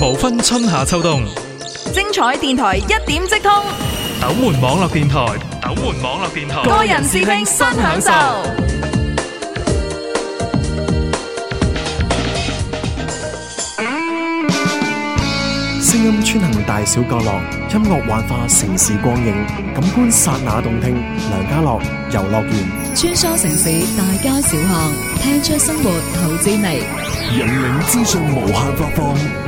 無分春夏秋冬，精彩電台一點即通。斗門網絡電台，斗門網絡電台，個人視聽，新享受。聲音穿行大小角落，音樂幻化城市光影，感官剎那動聽。梁家樂，遊樂園，穿梭城市大街小巷，聽出生活好滋味。引領資訊無限發放。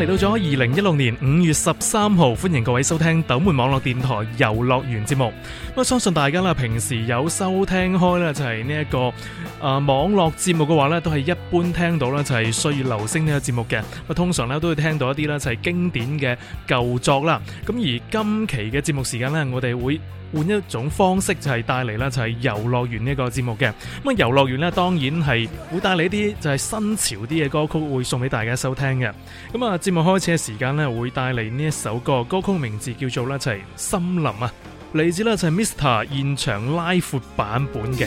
嚟到咗二零一六年五月十三號，歡迎各位收聽斗門網絡電台遊樂園節目。咁相信大家啦，平時有收聽開咧就係呢一個啊網絡節目嘅話咧，都係一般聽到咧就係歲月流星呢、這個節目嘅。咁通常咧都會聽到一啲咧就係經典嘅舊作啦。咁而今期嘅節目時間咧，我哋會換一種方式就係帶嚟啦，就係遊樂園呢個節目嘅。咁啊，遊樂園咧、這個、當然係會帶嚟一啲就係新潮啲嘅歌曲，會送俾大家收聽嘅。咁、嗯、啊，希望開始嘅時間咧，會帶嚟呢一首歌，歌曲名字叫做咧就森林》啊，嚟自咧就係 m r 現場拉 i 版本嘅。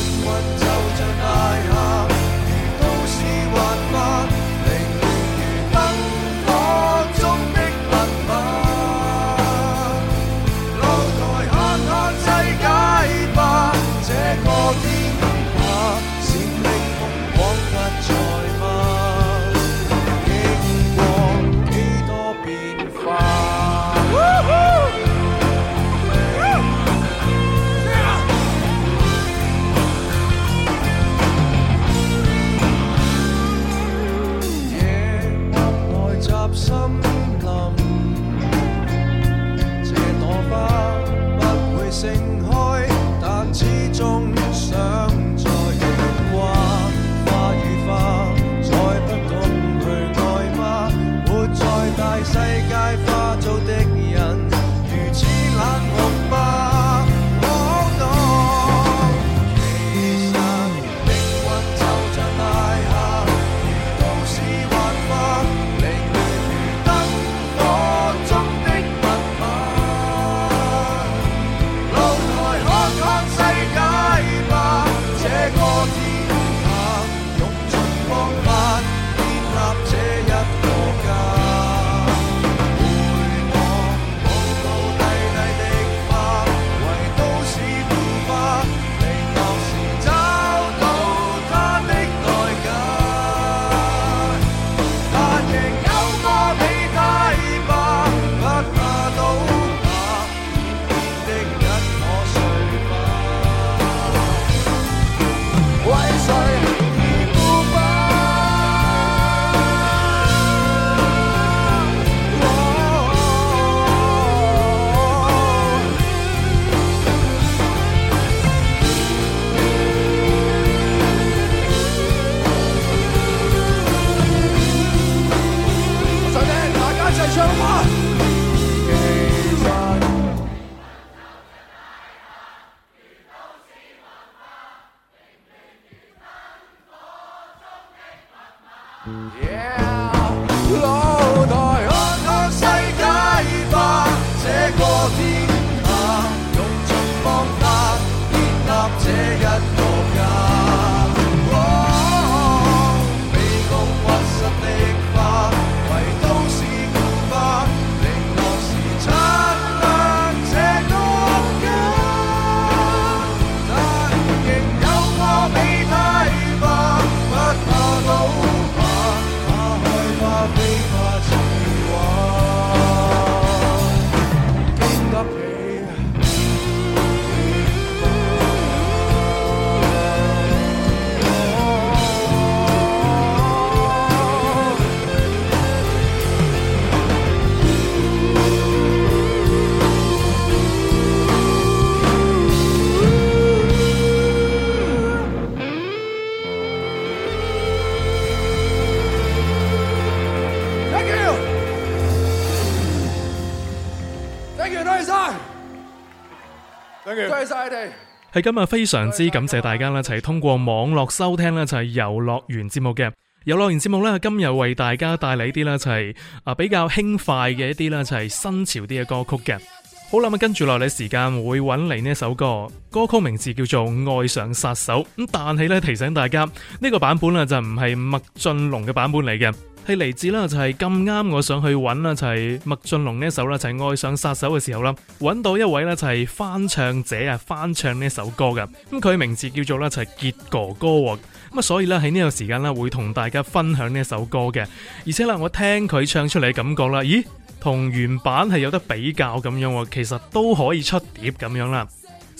係今日非常之感謝大家啦，呢就係通過網絡收聽呢就係遊樂園節目嘅遊樂園節目呢今日為大家帶嚟一啲呢就係啊比較輕快嘅一啲呢，就係新潮啲嘅歌曲嘅。好啦，咁跟住落嚟時間會揾嚟呢首歌，歌曲名字叫做《愛上殺手》，咁但係呢提醒大家呢，呢個版本呢就唔係麥浚龍嘅版本嚟嘅。嚟自啦就係咁啱，我想去揾啦就係麥浚龍呢一首啦，就係愛上殺手嘅時候啦，揾到一位呢，就係翻唱者啊，翻唱呢首歌嘅，咁佢名字叫做咧就係傑哥哥咁啊，所以呢，喺呢個時間呢，會同大家分享呢首歌嘅，而且呢，我聽佢唱出嚟嘅感覺啦，咦同原版係有得比較咁樣，其實都可以出碟咁樣啦。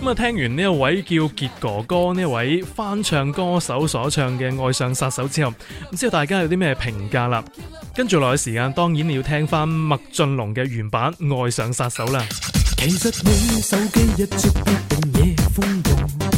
咁啊，聽完呢一位叫傑哥哥呢位翻唱歌手所唱嘅《愛上殺手》之後，唔知道大家有啲咩評價啦？跟住落嚟嘅時間，當然你要聽翻麥浚龍嘅原版《愛上殺手》啦。其實你手機一出一定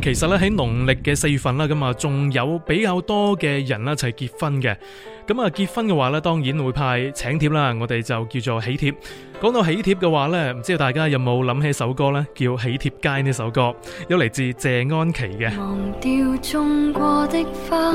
其實咧喺農曆嘅四月份啦，咁啊仲有比較多嘅人啦，就係結婚嘅。咁啊，結婚嘅話呢，當然會派請帖啦，我哋就叫做喜帖。講到喜帖嘅話呢，唔知道大家有冇諗起首歌呢？叫《喜帖街》呢首歌，有嚟自謝安琪嘅。忘掉種過的花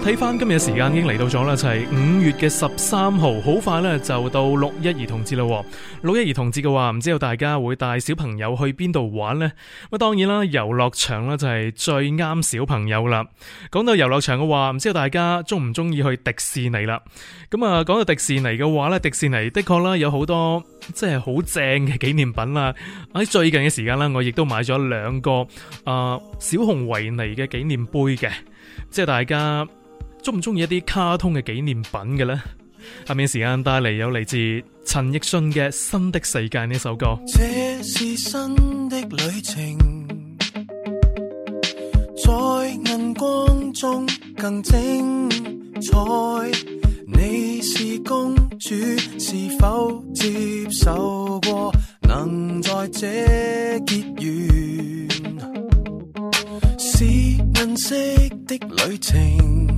睇翻今日嘅時間已經嚟到咗啦，就係、是、五月嘅十三號，好快咧就到六一兒童節啦。六一兒童節嘅話，唔知道大家會帶小朋友去邊度玩呢？咁當然啦，遊樂場呢就係最啱小朋友啦。講到遊樂場嘅話，唔知道大家中唔中意去迪士尼啦？咁啊，講到迪士尼嘅話呢，迪士尼的確啦有好多即係好正嘅紀念品啦。喺最近嘅時間呢，我亦都買咗兩個啊、呃、小熊維尼嘅紀念杯嘅，即係大家。中唔中意一啲卡通嘅紀念品嘅呢？下面時間帶嚟有嚟自陳奕迅嘅《新的世界》呢首歌。這是新的旅程，在銀光中更精彩。你是公主，是否接受過？能在這結緣，是銀色的旅程。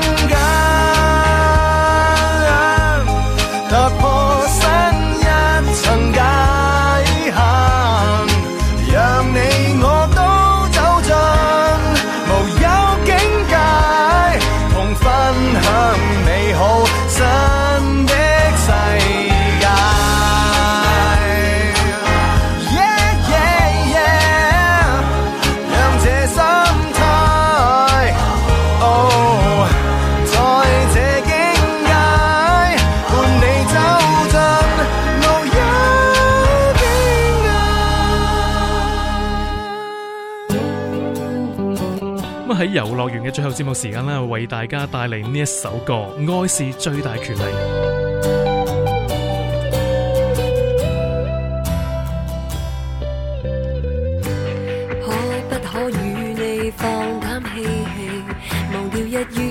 遊樂園嘅最後節目時間啦，為大家帶嚟呢一首歌《愛是最大權利》。可不可與你放膽嬉戲，忘掉日月？